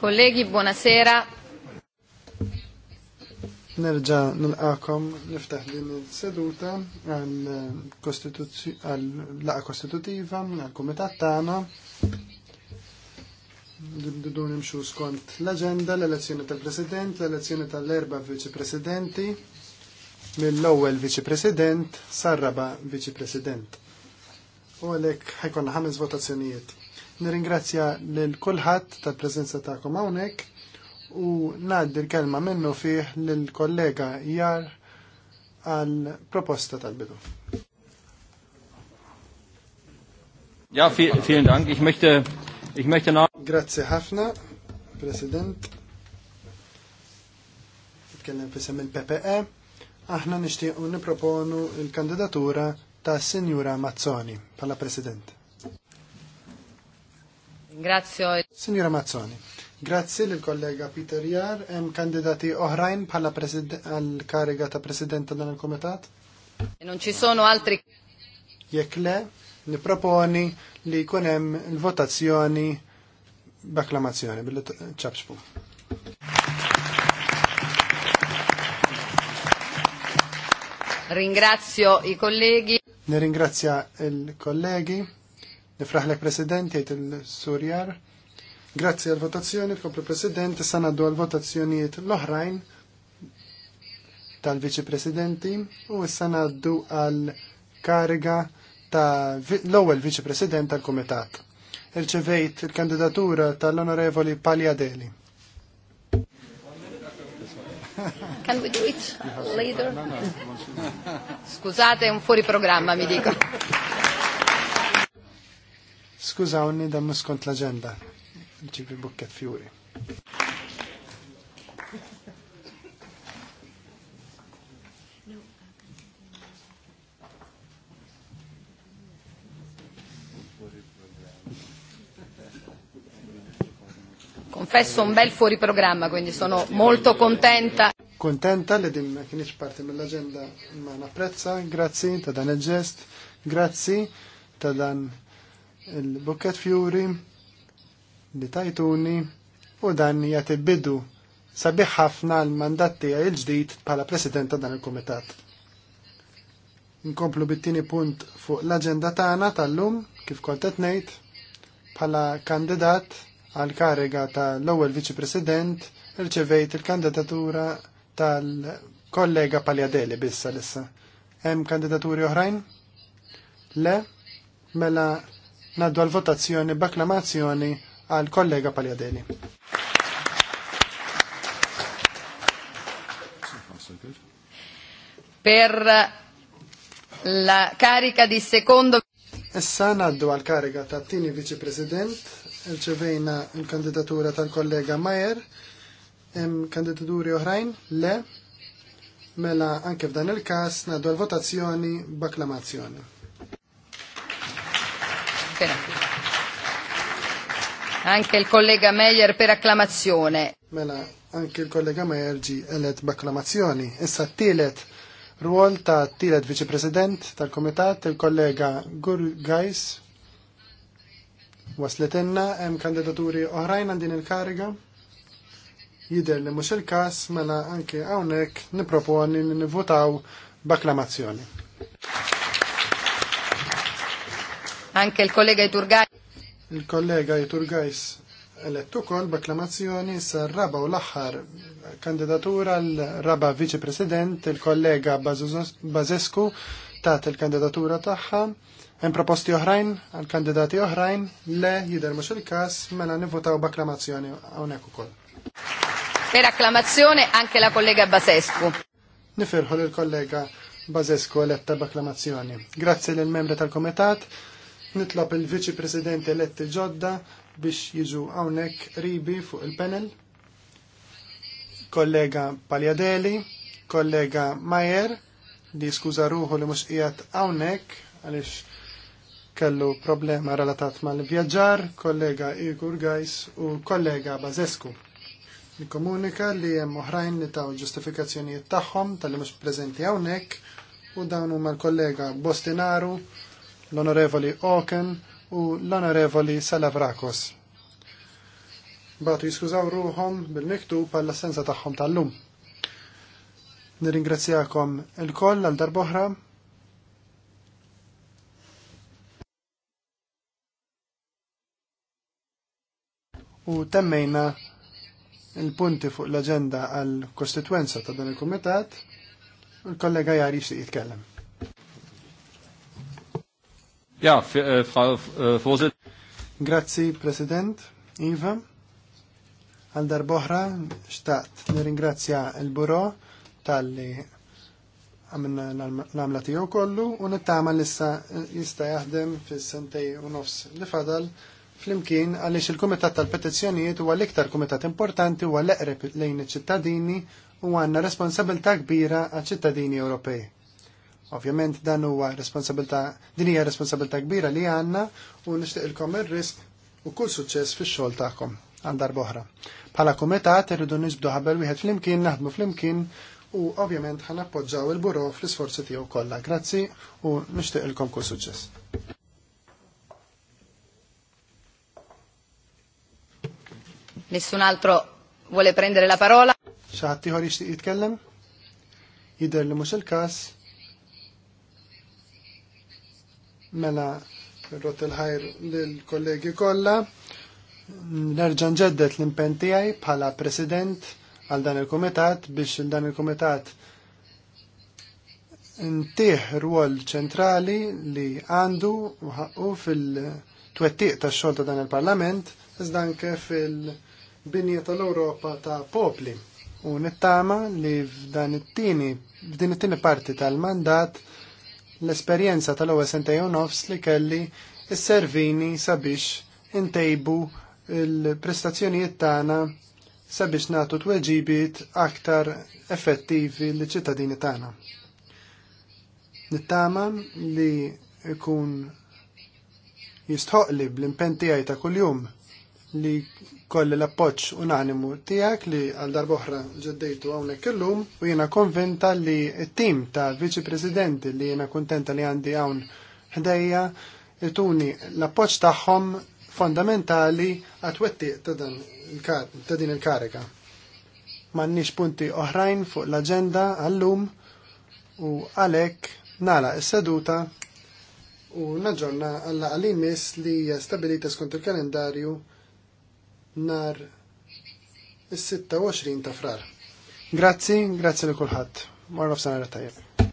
Kollegi, buonasera. Nerġa nilqakom niftaħ din il-seduta għal-laqa kostitutiva għal-komitat tagħna. Dun nimxu skont l-agenda, l-elezzjoni tal-president, l-elezzjoni tal-erba viċi-presidenti, mill-ewwel viċi-president, sarraba viċi-president. U għalhekk ħajkun ħames votazzjonijiet. Nirringrazzja lil kulħadd tal-preżenza tagħkom hawnhekk u ngħaddi l-kelma minnu fih lil kollega Jar għal proposta tal-bidu. Ja, vielen Dank. Ich möchte, ich möchte noch... Grazie ħafna, President. Nitkellem fissem il-PPE. Aħna nishtiqu niproponu il-kandidatura ta' Sinjura Mazzoni pala President. Grazie. Signora Mazzoni, grazie il collega Peter Jar. Hemm kandidati oħrajn bħala għall-kariga ta' President dan il-Kumitat? E non ci sono altri. Jekk ne proponi li jkun hemm il-votazzjoni b'akklamazzjoni billi ċabxbu. Ringrazio i colleghi. Ne ringrazia il colleghi. Nifraħlek President, jgħid il-Surjar. Grazzi għal-votazzjoni, kopri President, Sanaddu ngħaddu għal-votazzjonijiet l-oħrajn tal vici Presidenti u issa du għal-kariga ta' l-ewwel Viċi President tal-Kumitat. Irċevejt il-kandidatura tal-Onorevoli Pagliadeli. Can we do it later? Scusate, è un fuori programma, mi dico. Skużawni da muskont l-agenda. Ġibi bukket fjuri. Confesso un bel fuori programma, quindi sono molto contenta. Contenta le dim kienieċ parti mill-agenda ma napprezza, grazzi ta' dan il gest, grazie, ta' dan il-Bukket Fury li tajtuni u dan jgħat bidu sabiħ ħafna l-mandat tiegħi il ġdid bħala President ta' dan il-Kumitat. Nkomplu bit-tieni punt fuq l-aġenda tagħna tal-lum kif kont qed ngħid bħala kandidat għal kariga tal-ewwel Viċi President irċevejt il-kandidatura tal-kollega Paljadeli bissa lissa. Hemm kandidaturi oħrajn? Le, mela naddu għal-votazzjoni b'akklamazzjoni għal-kollega Paljadeli. Per la carica di secondo. Issa naddu għal-kariga ta' tini viċi-president, irċevejna il-kandidatura tal-kollega Majer, kandidaturi oħrajn, le, mela anke f'dan il-kas naddu għal-votazzjoni b'akklamazzjoni. Anke Anche il collega Meyer per acclamazione. Mela, anche il collega Meyer ġi elet b'acclamazzjoni. Issa t-tielet ruol ta' t-tielet viċi-president tal-komitat, il-kollega Gurgajs. Wasletenna, hemm kandidaturi oħrajn għandin il-kariga jider li mux il-kas, mela anke għawnek niproponi li nivvotaw b'akklamazzjoni. Anke l-kollega Iturgaj. Il-kollega Iturgajs elettu kol b'akklamazzjoni s-raba u l-axħar kandidatura l-raba viċi-president il-kollega Bazescu tat il-kandidatura taħħa. Hemm proposti oħrajn għal kandidati oħrajn le jidher mhux il-każ mela nivvotaw b'akklamazzjoni hawnhekk ukoll. Per akklamazzjoni anke la kollega Basescu. Nifirħu il-kollega Bazescu eletta b'akklamazzjoni. Grazzi lill membri tal-Komitat Nitlab il-Viċi Presidenti eletti ġodda biex jiġu hawnhekk ribi fuq il-panel. Kollega Paljadeli, kollega Majer, li skuża ruħu li mhux qiegħed hawnhekk għaliex kellu problema relatat mal-vjaġġar, kollega Igor Gajs u kollega Bazescu. Nikomunika li hemm oħrajn li taw ġustifikazzjonijiet tagħhom tal-li mhux preżenti hawnhekk u dawn huma l-kollega Bostinaru l-Onorevoli Oken u l-Onorevoli Salavrakos. Batu jiskużaw ruħom bil-miktub għall-assenza tagħhom tal-lum. Nirringrazzjakom il-koll għal darboħra u temmejna il-punti fuq l-agenda għal-kostituenza ta' dan il-komitat, il-kollega jari jitkellem. Ja, äh, äh, Grazzi, President. Iva. Għal darboħra, xtaqt nirringrazzja il-Buro tal-li għamilna l-għamla tiegħu kollu u nittama issa eh, jista' jaħdem fil sentej u nofs li fadal flimkien għaliex il-Kumitat tal-Petizzjonijiet huwa l-iktar kumitat importanti huwa għal eqreb lejn iċ-ċittadini u għandna responsabilità kbira għal ċittadini Ewropej. Ovvjament dan huwa responsabilità din hija responsabilità kbira li għandna u nixtieqilkom ir-risk u kull suċċess fix-xogħol tagħkom għandar boħra. Bħala kumitat irridu nisbdu ħabel wieħed flimkien, naħdmu flimkien u ovvjament ħan appoġġaw il-buro fl-isforzi tiegħu kollha. Grazzi u nixtieqilkom kull suċċess. Nessun altro vuole prendere la parola? Xi ħadd jixtieq jitkellem? Jidher li mhux il-każ Mela rrot il-ħajr lill-kollegi kollha. Nerġa' nġeddet l-impenn tiegħi bħala President għal dan il-Kumitat biex dan il-Kumitat ntih rwol ċentrali li għandu u fil-twettiq ta' xogħol ta' dan il-Parlament iżda anke fil-binja tal-Ewropa ta' popli. U nittama li f'dan it-tieni f'din it-tieni parti tal-mandat l-esperjenza tal-ewwel sentejn nofs li kelli s-servini sabiex intejbu il-prestazzjonijiet tagħna sabiex nagħtu tweġibiet aktar effettivi l ċittadini tagħna. Nittama li ikun jistħoqli bl-impen ta' kuljum li kolli l-appoċ unanimu tijak li għal darboħra ġeddejtu għawne illum u jena konventa li t-tim ta' viċi presidenti li jena kontenta li għandi għawn ħdejja jtuni l-appoċ tagħhom fondamentali għatwetti ta' din il-karika. Mannix punti oħrajn fuq l-agenda għallum u għalek nala s-seduta u naġġorna għalla għalimis li stabilita skont il-kalendarju nar is-26 ta' frar. Grazzi, grazzi li kulħadd. Marra f'sanar tajjeb.